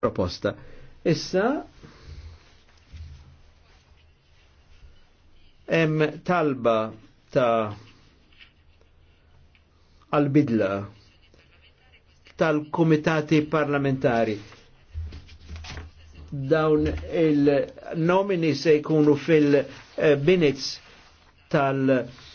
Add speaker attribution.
Speaker 1: proposta. Issa hemm talba ta' għal-bidla tal-komitati parlamentari. Dawn il-nomini se jkunu fil-binitz eh, tal-